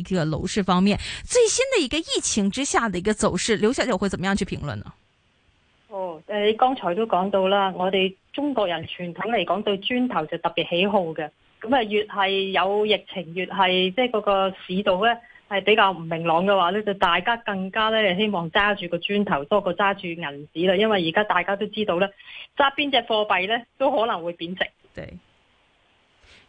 一、這個樓市方面，最新的一個疫情之下的一個走勢，劉小姐會怎麼樣去評論呢？哦，誒、呃，你剛才都講到啦，我哋中國人傳統嚟講對磚頭就特別喜好嘅，咁、嗯、啊越係有疫情越係即係嗰個市道呢係比較唔明朗嘅話呢，就大家更加呢希望揸住個磚頭多過揸住銀紙啦，因為而家大家都知道呢，揸邊隻貨幣呢都可能會貶值，對。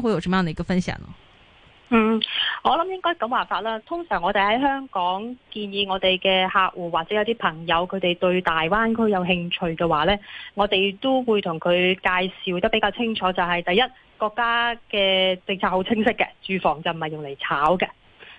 會有什麼樣的一個分享呢？嗯，我諗應該咁話法啦。通常我哋喺香港建議我哋嘅客戶或者有啲朋友，佢哋對大灣區有興趣嘅話呢，我哋都會同佢介紹得比較清楚。就係第一，國家嘅政策好清晰嘅，住房就唔係用嚟炒嘅。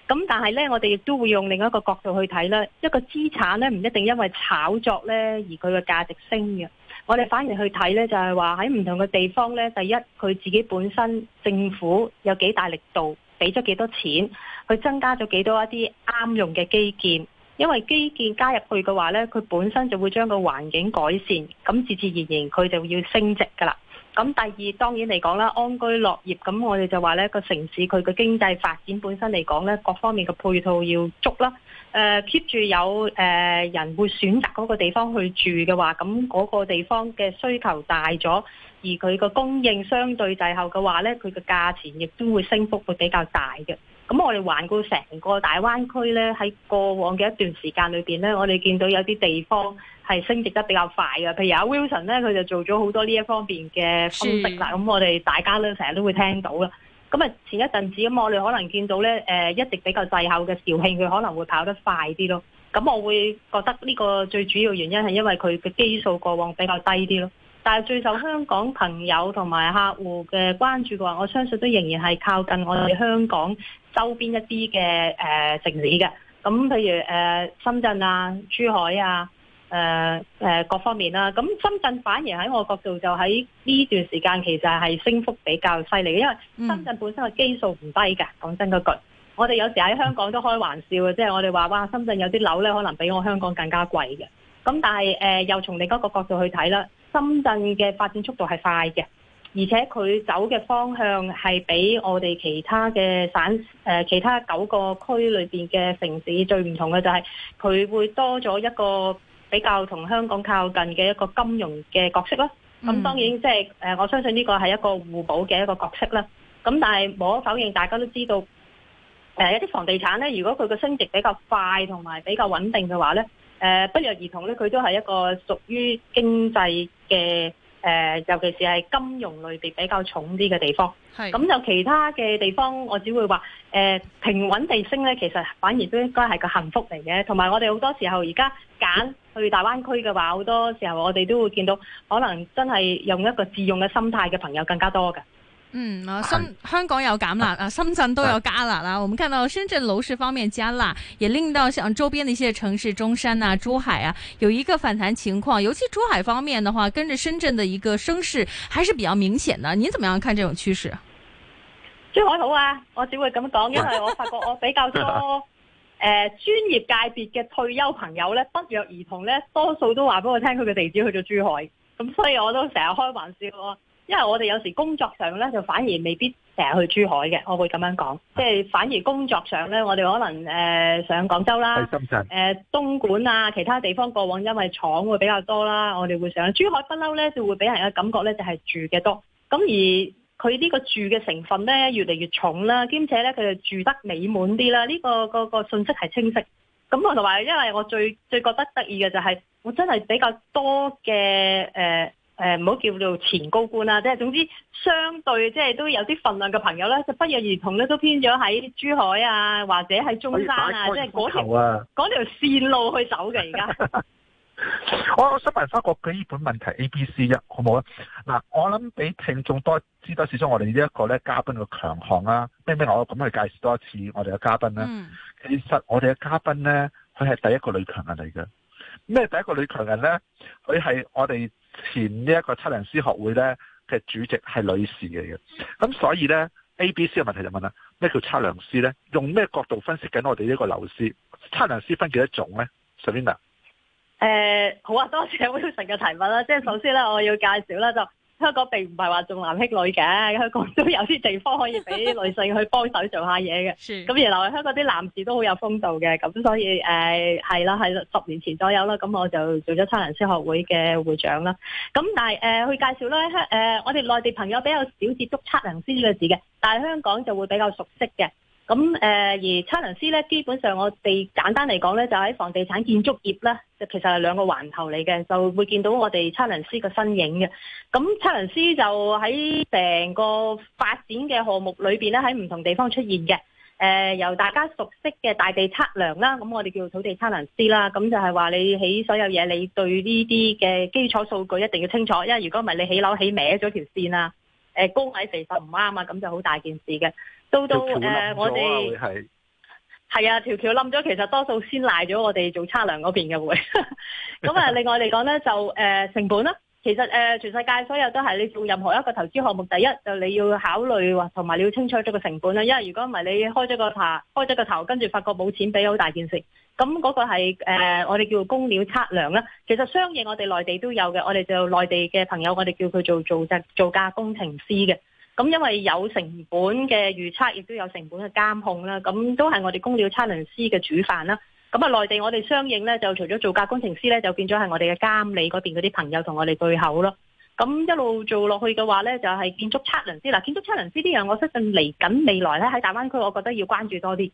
咁但係呢，我哋亦都會用另一個角度去睇啦。一個資產呢，唔一定因為炒作呢，而佢嘅價值升嘅。我哋反而去睇呢，就係話喺唔同嘅地方呢。第一，佢自己本身政府有幾大力度，俾咗幾多錢，佢增加咗幾多一啲啱用嘅基建。因為基建加入去嘅話呢，佢本身就會將個環境改善，咁自自然然佢就要升值㗎喇。咁第二當然嚟講啦，安居樂業，咁我哋就話呢個城市佢嘅經濟發展本身嚟講呢，各方面嘅配套要足啦。誒 keep 住有誒人會選擇嗰個地方去住嘅話，咁嗰個地方嘅需求大咗，而佢個供應相對滯後嘅話咧，佢嘅價錢亦都會升幅會比較大嘅。咁我哋環顧成個大灣區咧，喺過往嘅一段時間裏面咧，我哋見到有啲地方係升值得比較快嘅，譬如阿、啊、Wilson 咧，佢就做咗好多呢一方面嘅分析啦。咁我哋大家咧成日都會聽到啦。咁啊，前一陣子咁，我哋可能見到咧，呃、一直比較滯後嘅肇慶，佢可能會跑得快啲咯。咁我會覺得呢個最主要原因係因為佢嘅基數過往比較低啲咯。但係最受香港朋友同埋客戶嘅關注嘅話，我相信都仍然係靠近我哋香港周邊一啲嘅、呃、城市嘅。咁譬如、呃、深圳啊、珠海啊。誒、呃呃、各方面啦，咁、啊、深圳反而喺我角度就喺呢段時間其實係升幅比較犀利嘅，因為深圳本身嘅基數唔低嘅。講、嗯、真句，我哋有時喺香港都開玩笑嘅，即、就、係、是、我哋話哇，深圳有啲樓咧可能比我香港更加貴嘅。咁、啊、但係誒、呃，又從另一個角度去睇啦，深圳嘅發展速度係快嘅，而且佢走嘅方向係比我哋其他嘅省、呃、其他九個區裏邊嘅城市最唔同嘅就係佢會多咗一個。比較同香港靠近嘅一個金融嘅角色啦，咁當然即係誒，我相信呢個係一個互補嘅一個角色啦。咁但係無可否認，大家都知道，誒、呃、有啲房地產呢，如果佢嘅升值比較快同埋比較穩定嘅話呢，誒、呃、不約而同呢，佢都係一個屬於經濟嘅。誒、呃，尤其是係金融類別比較重啲嘅地方，係咁就其他嘅地方，我只會話、呃、平穩地升咧，其實反而都應該係個幸福嚟嘅。同埋我哋好多時候而家揀去大灣區嘅話，好多時候我哋都會見到，可能真係用一個自用嘅心態嘅朋友更加多㗎。嗯，深、啊、香港有減辣啦，啊，深圳都有加辣啦。我們看到深圳樓市方面加辣也令到像周邊的一些城市，中山啊、珠海啊，有一個反彈情況。尤其珠海方面的話，跟着深圳的一個升勢，還是比較明顯的。你怎麼樣看這種趨勢？珠海好啊，我只會咁講，因為我發覺我比較多誒、 呃、專業界別嘅退休朋友咧，不約而同咧，多數都話俾我聽佢嘅地址去咗珠海，咁所以我都成日開玩笑咯。因為我哋有時工作上咧，就反而未必成日去珠海嘅，我會咁樣講，即係反而工作上咧，我哋可能誒、呃、上廣州啦，係深圳，誒、呃、東莞啊，其他地方過往因為廠會比較多啦，我哋會上。珠海不嬲咧，就會俾人嘅感覺咧，就係、是、住嘅多。咁而佢呢個住嘅成分咧，越嚟越重啦，兼且咧佢就住得美滿啲啦。呢、這個、這個、這個這個信息係清晰。咁同埋，因為我最最覺得得意嘅就係、是，我真係比較多嘅誒。呃誒、呃，唔好叫做前高官啦、啊，即係總之相對即係都有啲份量嘅朋友咧，就不約而同咧都偏咗喺珠海啊，或者喺中山啊，即係嗰條啊，嗰條線路去走嘅而家。我我想問翻個基本問題 A、B、C 一好唔好啊？嗱，我諗俾聽眾多知多少少，明明我哋呢一個咧嘉賓嘅強項啦，咩咩我咁去介紹多一次我哋嘅嘉賓咧、啊嗯。其實我哋嘅嘉賓咧，佢係第一個女強人嚟嘅。咩第一個女強人咧？佢係我哋前呢一個測量師學會咧嘅主席係女士嚟嘅，咁所以咧 A、B、C 嘅問題就問啦：咩叫測量師咧？用咩角度分析緊我哋呢個樓市？測量師分幾多種咧？Salina 誒，好啊，多謝 Wilson 嘅提問啦。即係首先咧，我要介紹啦就。香港並唔係話重男輕女嘅，香港都有啲地方可以俾女性去幫手做一下嘢嘅。咁原來香港啲男士都好有風度嘅。咁所以誒係啦，係、呃、啦，十年前左右啦，咁我就做咗測量師學會嘅會長啦。咁但係誒，去、呃、介紹咧，香、呃、誒我哋內地朋友比較少接觸測量師呢個字嘅，但係香港就會比較熟悉嘅。咁誒，而測量師咧，基本上我哋簡單嚟講咧，就喺房地產建築業咧，就其實係兩個環頭嚟嘅，就會見到我哋測量師嘅身影嘅。咁測量師就喺成個發展嘅項目裏面咧，喺唔同地方出現嘅。誒、呃，由大家熟悉嘅大地測量啦，咁我哋叫土地測量師啦，咁就係話你起所有嘢，你對呢啲嘅基礎數據一定要清楚，因為如果唔係你起樓起歪咗條線啊，誒高矮肥瘦唔啱啊，咁就好大件事嘅。都都誒，我哋係啊，條橋冧咗，其實多數先賴咗我哋做測量嗰邊嘅會。咁啊，另外嚟講咧，就誒、呃、成本啦。其實誒、呃，全世界所有都係你做任何一個投資項目，第一就你要考慮同埋你要清楚咗個成本啦。因為如果唔係，你開咗個頭，開咗個頭，跟住發覺冇錢俾，好大件事。咁嗰個係誒、呃，我哋叫工料測量啦。其實商業我哋內地都有嘅，我哋就內地嘅朋友，我哋叫佢做造價造價工程師嘅。咁因為有成本嘅預測，亦都有成本嘅監控啦。咁都係我哋工料測量師嘅主飯啦。咁啊，內地我哋相應咧，就除咗造價工程師咧，就變咗係我哋嘅監理嗰邊嗰啲朋友同我哋對口咯。咁一路做落去嘅話咧，就係、是、建築測量師。嗱，建築測量師呢樣，我相信嚟緊未來咧喺大灣區，我覺得要關注多啲，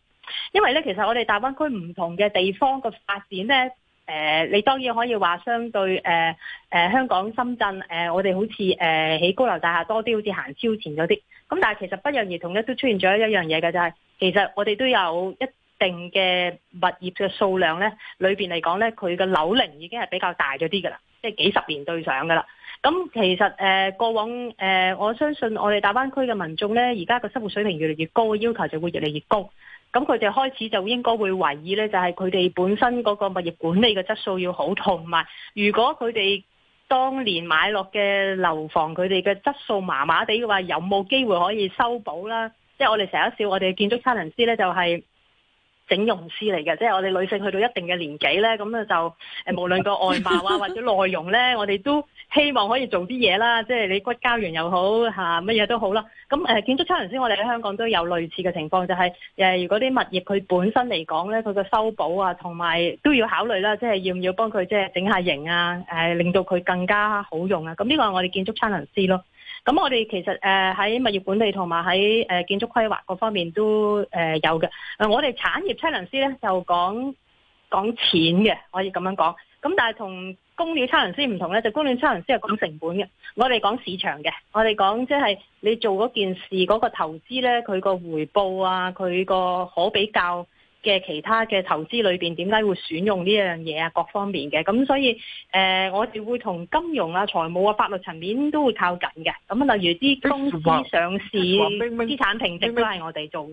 因為咧其實我哋大灣區唔同嘅地方嘅發展咧。誒、呃，你當然可以話相對誒誒、呃呃、香港、深圳誒、呃，我哋好似誒、呃、起高樓大廈多啲，好似行超前咗啲。咁但係其實不約而同一都出現咗一樣嘢嘅就係、是，其實我哋都有一定嘅物業嘅數量咧，裏邊嚟講咧，佢嘅樓齡已經係比較大咗啲噶啦，即係幾十年對上噶啦。咁其實誒、呃、過往誒、呃，我相信我哋大灣區嘅民眾咧，而家個生活水平越嚟越高嘅要求就會越嚟越高。咁佢哋開始就應該會懷疑呢，就係佢哋本身嗰個物業管理嘅質素要好，同埋如果佢哋當年買落嘅樓房佢哋嘅質素麻麻地嘅話，有冇機會可以修補啦？即係我哋成日笑我哋建築測量師呢，就係、是。整容師嚟嘅，即係我哋女性去到一定嘅年紀咧，咁咧就誒，無論個外貌啊或者內容咧， 我哋都希望可以做啲嘢啦。即係你骨膠原又好吓，乜嘢都好啦。咁誒、呃，建築測量師我哋喺香港都有類似嘅情況，就係、是、誒、呃，如果啲物業佢本身嚟講咧，佢嘅修補啊，同埋都要考慮啦。即係要唔要幫佢即係整下型啊？誒、呃，令到佢更加好用啊！咁呢個係我哋建築測量師咯。咁我哋其實誒喺物業管理同埋喺誒建築規劃嗰方面都誒有嘅。誒我哋產業測量師咧就講講錢嘅，可以咁樣講。咁但係同工料測量師唔同咧，就工料測量師係講成本嘅，我哋講市場嘅，我哋講即係你做嗰件事嗰、嗰個投資咧，佢個回報啊，佢個可比較嘅其他嘅投資裏面點解會選用呢樣嘢啊？各方面嘅咁，所以誒、呃，我哋會同金融啊、財務啊、法律層面都會靠緊嘅。咁例如啲公司上市、哎、明明資產評值都係我哋做。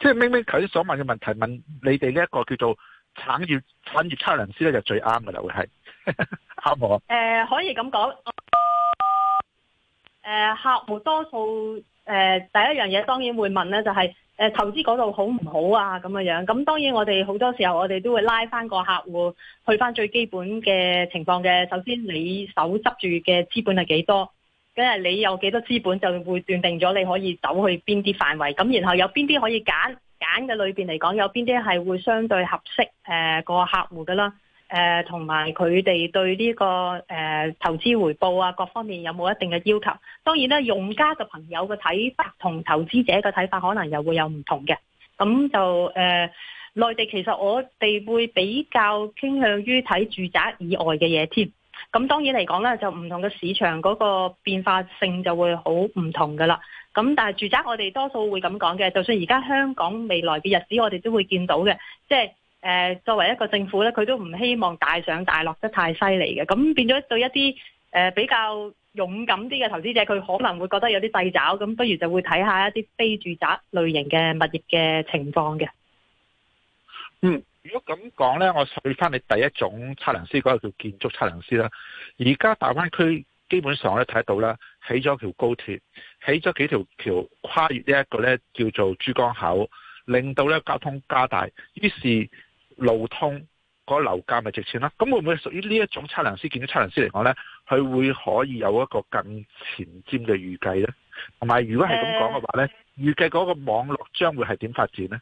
即係明明佢所問嘅問題，問你哋呢一個叫做產業產業測量師咧，就最啱噶啦，會係阿王。誒、 呃，可以咁講，誒、呃，客戶多數。誒、呃，第一樣嘢當然會問咧，就係、是、誒、呃、投資嗰度好唔好啊？咁樣樣咁，當然我哋好多時候我哋都會拉翻個客戶去翻最基本嘅情況嘅。首先你手執住嘅資本係幾多？跟住你有幾多資本就會斷定咗你可以走去邊啲範圍？咁然後有邊啲可以揀揀嘅裏邊嚟講，有邊啲係會相對合適誒個客戶噶啦。誒同埋佢哋對呢個誒投資回報啊，各方面有冇一定嘅要求？當然啦，用家嘅朋友嘅睇法同投資者嘅睇法可能又會有唔同嘅。咁就誒，內地其實我哋會比較傾向於睇住宅以外嘅嘢添。咁當然嚟講咧，就唔同嘅市場嗰個變化性就會好唔同噶啦。咁但係住宅，我哋多數會咁講嘅。就算而家香港未來嘅日子，我哋都會見到嘅，即係。誒，作為一個政府咧，佢都唔希望大上大落得太犀利嘅。咁變咗對一啲誒、呃、比較勇敢啲嘅投資者，佢可能會覺得有啲掣肘，咁不如就會睇下一啲非住宅類型嘅物業嘅情況嘅。嗯，如果咁講呢，我睇翻你第一種測量師嗰個叫建築測量師啦。而家大灣區基本上咧睇到啦，起咗條高鐵，起咗幾條橋跨越呢一個呢叫做珠江口，令到呢交通加大，於是。路通，個樓價咪值錢啦。咁會唔會屬於呢一種測量師、建築測量師嚟講咧，佢會可以有一個更前瞻嘅預計咧。同埋，如果係咁講嘅話咧、呃，預計嗰個網絡將會係點發展咧？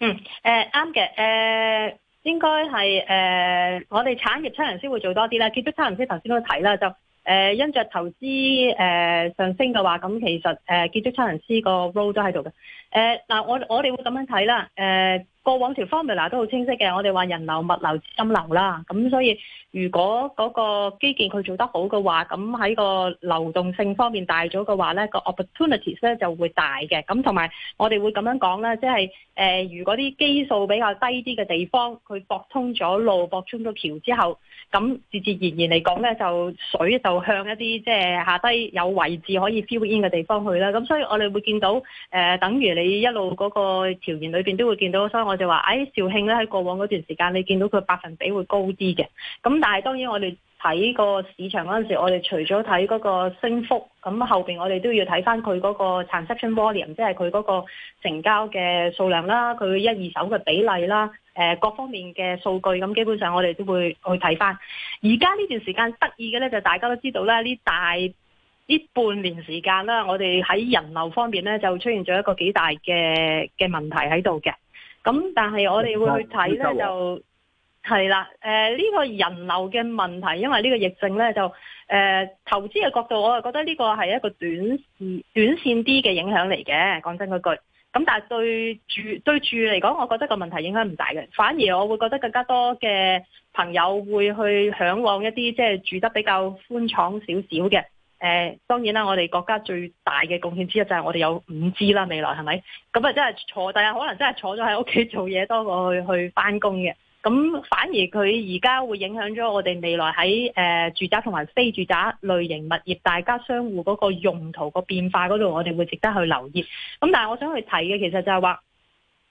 嗯，啱、呃、嘅，誒、呃、應該係誒、呃、我哋產業測量師會做多啲啦。建築測量師頭先都睇啦，就誒、呃、因着投資誒、呃、上升嘅話，咁其實誒建築測量師個 role 都喺度嘅。誒、呃、嗱，我我哋會咁樣睇啦，誒、呃。過往條 formula 都好清晰嘅，我哋話人流、物流、金流啦。咁所以如果嗰個基建佢做得好嘅話，咁喺個流動性方面大咗嘅話呢、呢個 opportunities 呢就會大嘅。咁同埋我哋會咁樣講啦，即係誒、呃，如果啲基數比較低啲嘅地方，佢駁通咗路、駁通咗橋之後，咁自自然然嚟講呢，就水就向一啲即係下低有位置可以 fill in 嘅地方去啦。咁所以我哋會見到誒、呃，等於你一路嗰個條件裏面都會見到，所以我。我哋話喺肇慶咧，喺過往嗰段時間，你見到佢百分比會高啲嘅。咁但係當然我，我哋睇個市場嗰陣時，我哋除咗睇嗰個升幅，咁後面我哋都要睇翻佢嗰個 transaction volume，即係佢嗰個成交嘅數量啦，佢一二手嘅比例啦、呃，各方面嘅數據。咁基本上我哋都會去睇翻。而家呢段時間得意嘅咧，就大家都知道啦，呢大呢半年時間啦，我哋喺人流方面咧，就出現咗一個幾大嘅嘅問題喺度嘅。咁、嗯、但係我哋會去睇呢，就係啦，誒呢、呃呢個人流嘅問題，因為呢個疫症呢，就誒、呃、投資嘅角度，我就覺得呢個係一個短時短線啲嘅影響嚟嘅。講真句，咁但係對住對住嚟講，我覺得個問題影響唔大嘅，反而我會覺得更加多嘅朋友會去向往一啲即係住得比較寬敞少少嘅。誒，當然啦，我哋國家最大嘅貢獻之一就係我哋有五 G 啦，未來係咪？咁啊，那就真係坐第日可能真係坐咗喺屋企做嘢，多過去去翻工嘅。咁反而佢而家會影響咗我哋未來喺誒、呃、住宅同埋非住宅類型物業，大家商戶嗰個用途個變化嗰度，我哋會值得去留意。咁但係我想去睇嘅，其實就係話，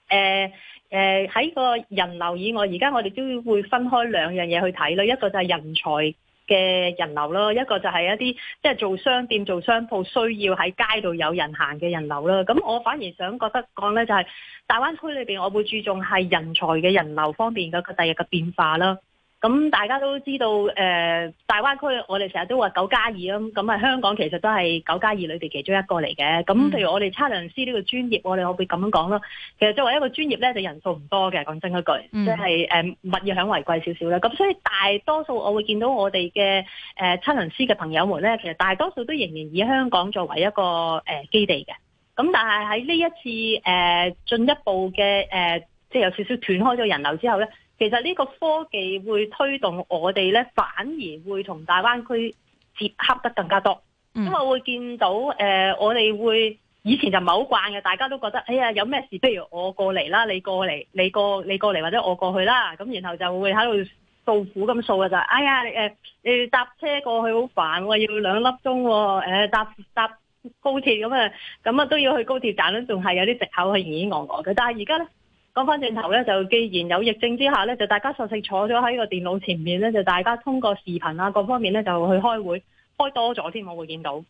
誒誒喺個人流以外，而家我哋都會分開兩樣嘢去睇咯，一個就係人才。嘅人流咯，一個就係一啲即係做商店、做商鋪需要喺街度有人行嘅人流啦。咁我反而想覺得講呢，就係大灣區裏邊，我會注重係人才嘅人流方面嘅佢第日嘅變化啦。咁大家都知道，誒、呃，大灣區我哋成日都話九加二啊，咁啊香港其實都係九加二裏邊其中一個嚟嘅。咁譬如我哋測量師呢個專業，我哋可會咁樣講咯。其實作為一個專業咧，就人數唔多嘅，講真一句，即係誒物以稀為貴少少啦。咁所以大多數我會見到我哋嘅誒測量師嘅朋友們咧，其實大多數都仍然以香港作為一個誒、呃、基地嘅。咁但係喺呢一次誒、呃、進一步嘅誒、呃，即係有少少斷開咗人流之後咧。其實呢個科技會推動我哋呢反而會同大灣區接洽得更加多，嗯、因為我會見到誒、呃，我哋會以前就唔係好慣嘅，大家都覺得哎呀，有咩事，不如我過嚟啦，你過嚟，你過你過嚟或者我過去啦，咁然後就會喺度訴苦咁訴嘅就哎呀，你搭、呃、車過去好煩，要兩粒鐘，誒搭搭高鐵咁啊，咁啊都要去高鐵站啦，仲係有啲藉口去咿咿我我嘅，但係而家呢。講翻正頭咧，就既然有疫症之下咧，就大家索性坐咗喺個電腦前面咧，就大家通過視頻啊各方面咧，就去開會開多咗添，我會見到。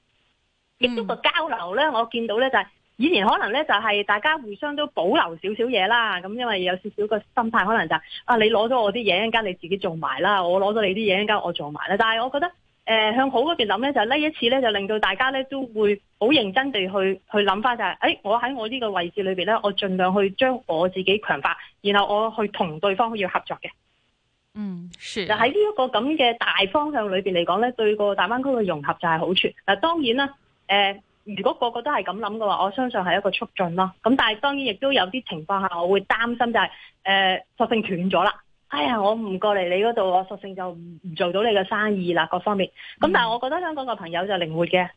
亦、嗯、都個交流咧，我見到咧就係以前可能咧就係大家互相都保留少少嘢啦，咁因為有少少個心態，可能就係、啊你攞咗我啲嘢，一間你自己做埋啦，我攞咗你啲嘢，一間我做埋啦。但係我覺得。誒、呃，向好嗰邊諗咧，就呢一次咧，就令到大家咧都會好認真地去去諗翻、就是，就係誒，我喺我呢個位置裏邊咧，我盡量去將我自己強化，然後我去同對方要合作嘅。嗯，是。就喺呢一個咁嘅大方向裏邊嚟講咧，對個大灣區嘅融合就係好處。嗱，當然啦，誒、呃，如果個個都係咁諗嘅話，我相信係一個促進咯。咁但係當然亦都有啲情況下，我會擔心就係、是、誒、呃，索性斷咗啦。哎呀，我唔過嚟，你嗰度，我索性就唔唔做到你嘅生意啦，各方面。咁、嗯、但係我覺得香港嘅朋友就靈活嘅，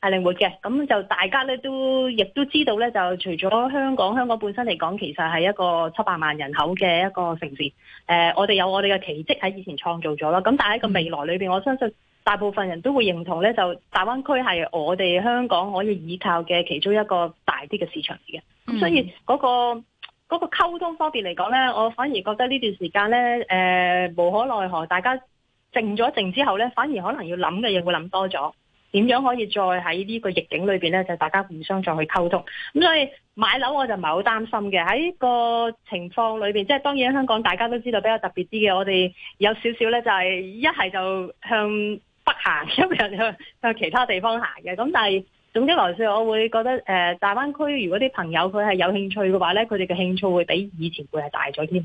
係靈活嘅。咁就大家咧都亦都知道咧，就除咗香港，香港本身嚟講，其實係一個七百萬人口嘅一個城市。誒、呃，我哋有我哋嘅奇蹟喺以前創造咗啦。咁但係喺個未來裏邊、嗯，我相信大部分人都會認同咧，就大灣區係我哋香港可以依靠嘅其中一個大啲嘅市場嚟嘅。咁、嗯、所以嗰、嗰個。嗰、那個溝通方面嚟講呢，我反而覺得呢段時間呢，誒、呃、無可奈何，大家靜咗靜之後呢，反而可能要諗嘅嘢會諗多咗，點樣可以再喺呢個逆境裏面呢？就是、大家互相再去溝通。咁、嗯、所以買樓我就唔係好擔心嘅，喺個情況裏面，即係當然香港大家都知道比較特別啲嘅，我哋有少少呢，就係一係就向北行，一係就向向其他地方行嘅，咁但係。總之來說我會覺得誒，大灣區如果啲朋友佢係有興趣嘅話咧，佢哋嘅興趣會比以前會係大咗添。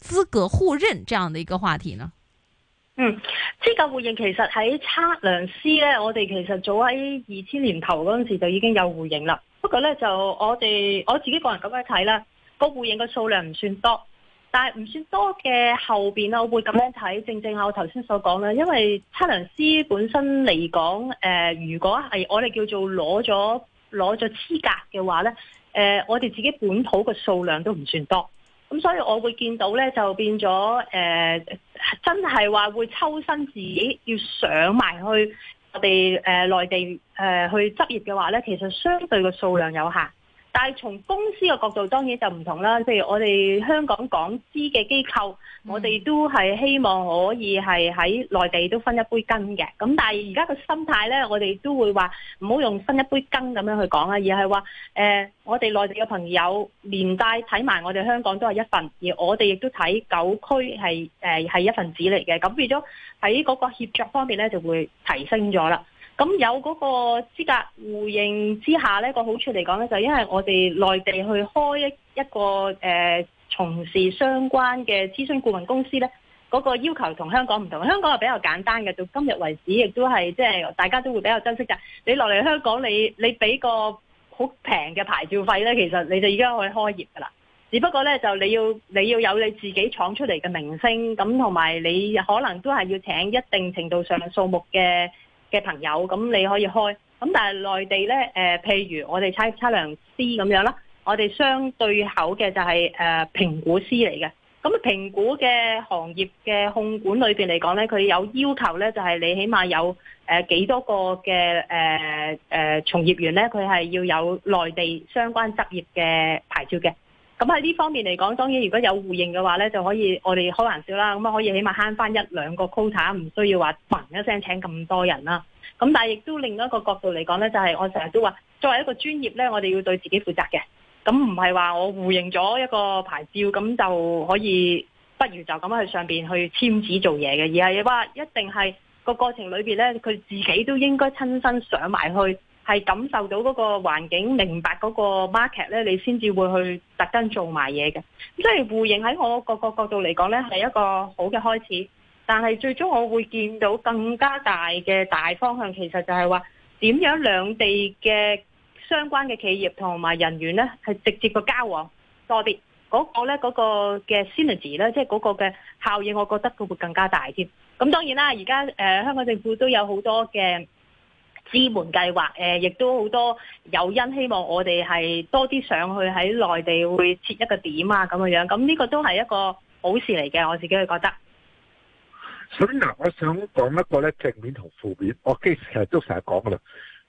資格互認這樣的一個話題呢？嗯，資格互認其實喺測量師呢，我哋其實早喺二千年頭嗰陣時就已經有互認啦。不過呢，就我哋我自己個人咁樣睇啦，個互認嘅數量唔算多，但係唔算多嘅後邊我會咁樣睇，正正係我頭先所講啦，因為測量師本身嚟講，誒、呃，如果係我哋叫做攞咗攞咗資格嘅話呢，誒、呃，我哋自己本土嘅數量都唔算多。咁所以我會見到咧，就變咗誒、呃，真係話會抽身自己要上埋去我哋誒內地誒、呃、去執業嘅話咧，其實相對嘅數量有限。但係從公司嘅角度當然就唔同啦，譬如我哋香港港資嘅機構，我哋都係希望可以係喺內地都分一杯羹嘅。咁但係而家個心態呢，我哋都會話唔好用分一杯羹咁樣去講啦，而係話誒，我哋內地嘅朋友連帶睇埋我哋香港都係一份，而我哋亦都睇九區係誒係一份子嚟嘅。咁變咗喺嗰個協作方面呢，就會提升咗啦。咁有嗰個資格互認之下呢，嗰個好處嚟講咧，就是、因為我哋內地去開一一個、呃、從事相關嘅諮詢顧問公司咧，嗰個要求同香港唔同。香港係比較簡單嘅，到今日為止亦都係即係大家都會比較珍惜嘅。你落嚟香港你，你你俾個好平嘅牌照費咧，其實你就已經可以開業噶啦。只不過咧，就你要你要有你自己闖出嚟嘅名聲咁，同埋你可能都係要請一定程度上數目嘅。嘅朋友，咁你可以開，咁但係內地呢，呃、譬如我哋測測量師咁樣啦，我哋相對口嘅就係、是、誒、呃、評估師嚟嘅。咁、嗯、啊評估嘅行業嘅控管裏面嚟講呢，佢有要求呢，就係、是、你起碼有、呃、幾多個嘅、呃呃、從業員呢，佢係要有內地相關執業嘅牌照嘅。咁喺呢方面嚟講，當然如果有互認嘅話呢，就可以我哋開玩笑啦，咁啊可以起碼慳翻一兩個 quota，唔需要話「嘭」一聲請咁多人啦。咁但係亦都另一個角度嚟講呢，就係、是、我成日都話，作為一個專業呢，我哋要對自己負責嘅。咁唔係話我互認咗一個牌照，咁就可以，不如就咁去上面去簽紙做嘢嘅，而係話一定係、那個過程裏面呢，佢自己都應該親身上埋去。係感受到嗰個環境，明白嗰個 market 呢，你先至會去特登做埋嘢嘅。咁即係互認喺我個個角度嚟講呢，係一個好嘅開始。但係最終我會見到更加大嘅大方向，其實就係話點樣兩地嘅相關嘅企業同埋人員呢，係直接個交往多啲。嗰個咧，嗰個嘅 synergy 咧，即係嗰個嘅效應，我覺得佢會更加大添。咁當然啦，而家誒香港政府都有好多嘅。支援計劃，誒、呃，亦都好多友人，希望我哋係多啲上去喺內地會設一個點啊，咁樣樣，咁呢個都係一個好事嚟嘅，我自己會覺得。所以嗱，我想講一個咧正面同負面，我基其實都成日講噶啦。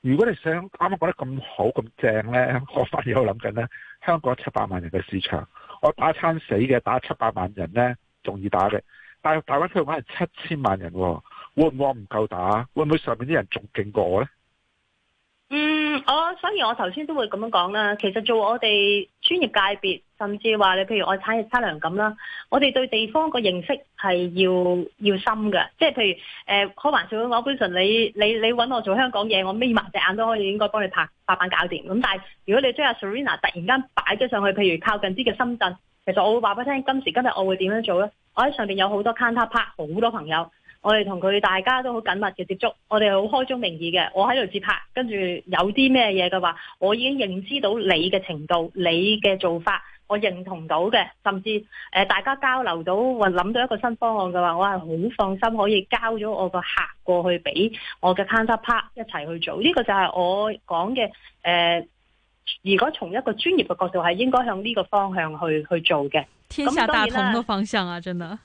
如果你想啱啱講得咁好咁正咧，我反而我諗緊咧，香港七百萬人嘅市場，我打餐死嘅打七百萬人咧，仲易打嘅，但係大灣區佢話係七千萬人喎、哦。會唔會唔夠打？會唔會上面啲人仲勁過我呢？嗯，我所以我頭先都會咁樣講啦。其實做我哋專業界別，甚至話你譬如我產業測量咁啦，我哋對地方個認識係要要深嘅。即係譬如誒、呃，開玩笑嘅，我本身你你你揾我做香港嘢，我眯埋隻眼都可以應該幫你拍拍板搞掂。咁但係如果你將阿 Serena 突然間擺咗上去，譬如靠近啲嘅深圳，其實我會話俾你聽，今時今日我會點樣做呢？我喺上邊有好多 counterpart，好多朋友。我哋同佢大家都好緊密嘅接觸，我哋好開宗明義嘅，我喺度接拍，跟住有啲咩嘢嘅話，我已經認知到你嘅程度，你嘅做法，我認同到嘅，甚至誒、呃、大家交流到或諗到一個新方案嘅話，我係好放心可以交咗我個客過去俾我嘅 counterpart 一齊去做，呢、這個就係我講嘅誒，如果從一個專業嘅角度係應該向呢個方向去去做嘅，天下大同嘅方向啊，真係。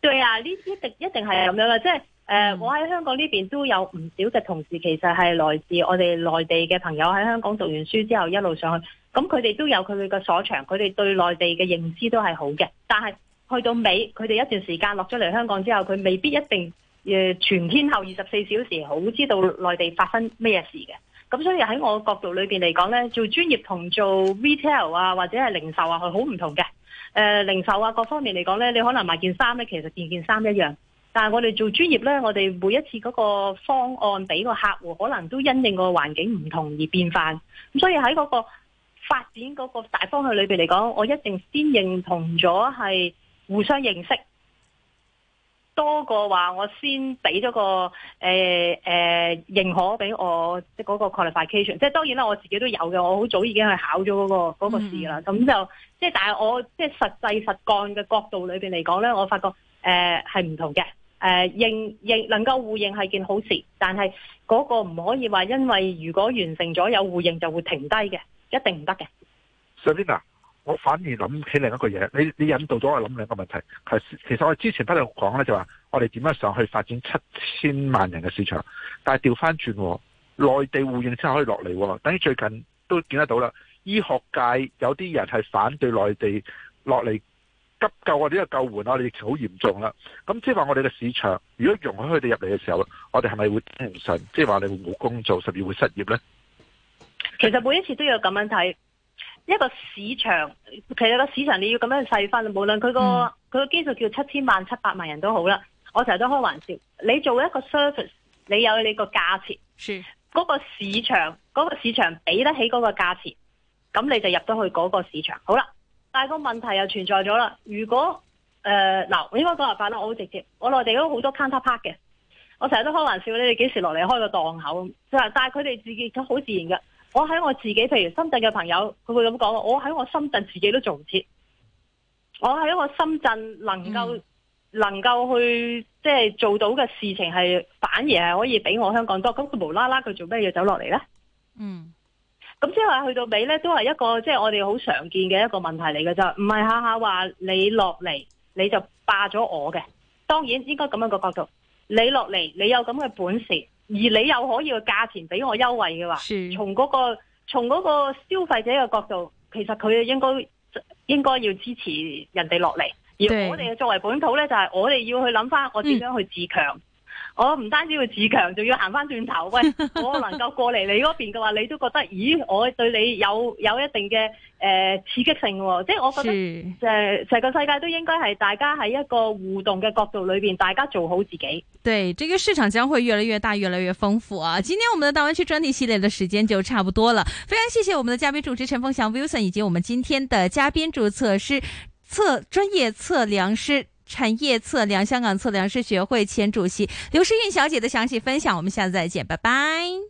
對啊，呢一定一定係咁樣啦，即係誒、呃，我喺香港呢邊都有唔少嘅同事，其實係來自我哋內地嘅朋友喺香港讀完書之後一路上去，咁佢哋都有佢哋嘅所長，佢哋對內地嘅認知都係好嘅，但係去到尾，佢哋一段時間落咗嚟香港之後，佢未必一定誒、呃、全天候二十四小時好知道內地發生咩事嘅，咁所以喺我角度裏邊嚟講呢，做專業同做 retail 啊或者係零售啊，係好唔同嘅。誒、呃，零售啊，各方面嚟講呢，你可能買件衫呢，其實件件衫一樣。但係我哋做專業呢，我哋每一次嗰個方案俾個客戶，可能都因應個環境唔同而變化，咁所以喺嗰個發展嗰個大方向裏邊嚟講，我一定先認同咗，係互相認識。多過話我先俾咗個誒誒、呃呃、認可俾我，即係嗰個 qualification。即係當然啦，我自己都有嘅，我好早已經去考咗嗰個嗰個試啦。咁、嗯、就即係但係我即係實際實幹嘅角度裏邊嚟講咧，我發覺誒係唔同嘅。誒、呃、認能夠互認係件好事，但係嗰個唔可以話因為如果完成咗有互認就會停低嘅，一定唔得嘅。所以我反而諗起另一個嘢，你你引導咗我諗另一個問題，係其實我之前不斷講咧就話、是，我哋點樣上去發展七千萬人嘅市場，但係調翻轉內地互認先可以落嚟，等於最近都見得到啦。醫學界有啲人係反對內地落嚟急救我哋嘅個救援啊，疫情好嚴重啦。咁即係話我哋嘅市場，如果容許佢哋入嚟嘅時候，我哋係咪會頂唔順？即係話你會冇工作，甚至會失業咧？其實每一次都要咁樣睇。一個市場，其實個市場你要咁樣細分，無論佢個佢基數叫七千萬、七百萬人都好啦。我成日都開玩笑，你做一個 service，你有你個價錢，嗰、那個市場，嗰、那個市場畀得起嗰個價錢，咁你就入到去嗰個市場。好啦，但係個問題又存在咗啦。如果誒嗱、呃，我應該講下法啦，我好直接，我內地都好多 counterpart 嘅，我成日都開玩笑咧，你幾時落嚟開個檔口？但係佢哋自己都好自然嘅我喺我自己，譬如深圳嘅朋友，佢會咁講：我喺我深圳自己都做唔切。我喺一個深圳能夠、嗯，能夠能夠去即係做到嘅事情，係反而係可以比我香港多。咁佢無啦啦，佢做咩要走落嚟呢？嗯，咁即係話去到尾呢，都係一個即係我哋好常見嘅一個問題嚟嘅啫。唔係下下話你落嚟你就霸咗我嘅。當然應該咁樣個角度，你落嚟你有咁嘅本事。而你又可以個價錢俾我優惠嘅話，從嗰個從嗰個消費者嘅角度，其實佢應該應該要支持人哋落嚟。而我哋作為本土呢，就係我哋要去諗翻，我點樣去自強。嗯我唔單止要自強，仲要行翻轉頭。喂，我能夠過嚟你嗰邊嘅話， 你都覺得，咦，我對你有有一定嘅誒、呃、刺激性喎、哦。即係我覺得，就成、呃、個世界都應該係大家喺一個互動嘅角度裏邊，大家做好自己。對，這個市場將會越來越大，越來越豐富啊！今天我們的大灣區專題系列嘅時間就差不多了。非常謝謝我們的嘉賓主持陳鳳翔 Wilson，以及我們今天的嘉賓註冊師測專業測量師。產業測量，香港測量師學會前主席劉詩韻小姐的詳細分享，我們下次再見，拜拜。